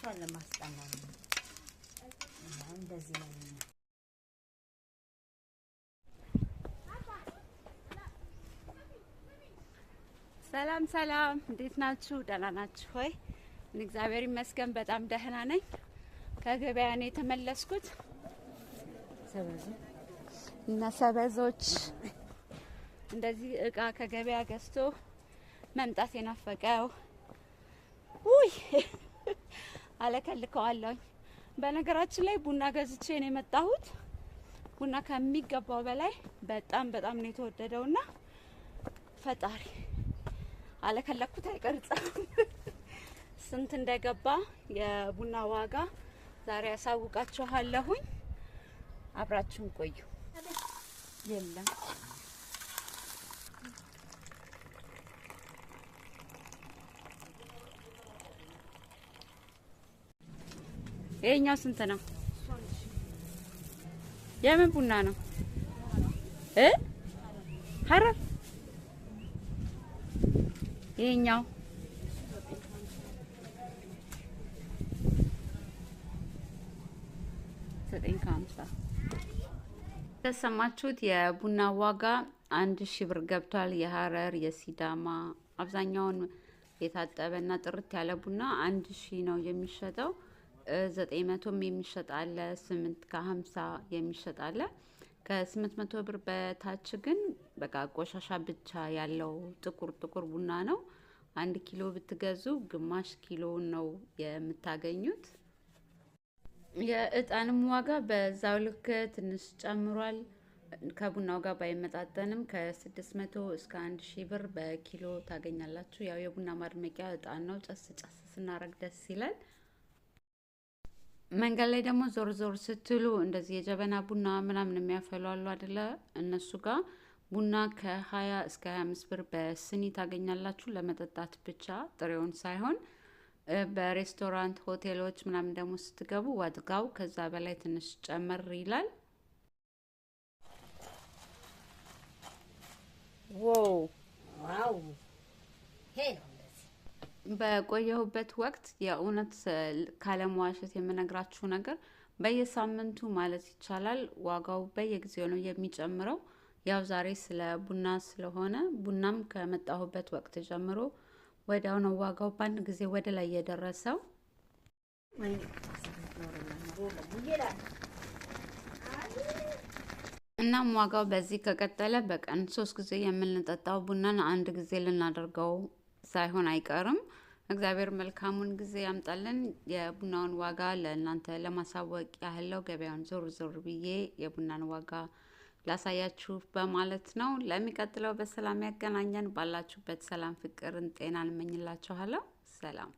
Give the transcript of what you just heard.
እሷን ለማስጠናት ነው። እንደዚህ ነው። ሰላም ሰላም፣ እንዴት ናችሁ? ደህና ናችሁ ሆይ? እግዚአብሔር ይመስገን በጣም ደህና ነኝ። ከገበያ ነው የተመለስኩት እና ሰበዞች እንደዚህ እቃ ከገበያ ገዝቶ መምጣት የናፈቀው ውይ አለከልከዋለሁ። በነገራችን ላይ ቡና ገዝቼ ነው የመጣሁት። ቡና ከሚገባው በላይ በጣም በጣም ነው የተወደደውና ፈጣሪ አለከለኩት አይቀርጽም። ስንት እንደገባ የቡና ዋጋ ዛሬ ያሳውቃችኋለሁኝ። አብራችሁን ቆዩ። የለም ይሄኛው ስንት ነው? የምን ቡና ነው እ ሀረር ይሄኛው ዘጠኝ ከሀምሳ ተሰማችሁት። የቡና ዋጋ አንድ ሺህ ብር ገብቷል። የሀረር የሲዳማ አብዛኛውን የታጠበ እና ጥርት ያለ ቡና አንድ ሺህ ነው የሚሸጠው። ዘጠኝ መቶም የሚሸጥ አለ፣ ስምንት ከሀምሳ የሚሸጥ አለ። ከስምንት መቶ ብር በታች ግን በቃ ቆሻሻ ብቻ ያለው ጥቁር ጥቁር ቡና ነው። አንድ ኪሎ ብትገዙ ግማሽ ኪሎ ነው የምታገኙት። የእጣንም ዋጋ በዛው ልክ ትንሽ ጨምሯል። ከቡናው ጋር ባይመጣጠንም ከስድስት መቶ እስከ አንድ ሺህ ብር በኪሎ ታገኛላችሁ። ያው የቡና ማድመቂያ እጣን ነው። ጨስ ጨስ ስናረግ ደስ ይላል። መንገድ ላይ ደግሞ ዞር ዞር ስትሉ እንደዚህ የጀበና ቡና ምናምን የሚያፈሉ አሉ አደለ? እነሱ ጋር ቡና ከ እስከ እስከ 25 ብር በስኒ ታገኛላችሁ። ለመጠጣት ብቻ ጥሬውን ሳይሆን በሬስቶራንት ሆቴሎች ምናምን ደግሞ ስትገቡ ዋድጋው ከዛ በላይ ትንሽ ጨመር ይላል። በቆየሁበት ወቅት የእውነት ካለመዋሸት የምነግራችሁ ነገር በየሳምንቱ ማለት ይቻላል ዋጋው በየጊዜው ነው የሚጨምረው። ያው ዛሬ ስለ ቡና ስለሆነ ቡናም ከመጣሁበት ወቅት ጀምሮ ወዲያው ነው ዋጋው በአንድ ጊዜ ወደ ላይ የደረሰው። እናም ዋጋው በዚህ ከቀጠለ በቀን ሶስት ጊዜ የምንጠጣው ቡናን አንድ ጊዜ ልናደርገው ሳይሆን አይቀርም። እግዚአብሔር መልካሙን ጊዜ ያምጣልን። የቡናውን ዋጋ ለእናንተ ለማሳወቅ ያህለው ገበያውን ዞር ዞር ብዬ የቡናን ዋጋ ላሳያችሁ በማለት ነው። ለሚቀጥለው በሰላም ያገናኘን። ባላችሁበት ሰላም፣ ፍቅርን፣ ጤናን እመኝላችኋለሁ። ሰላም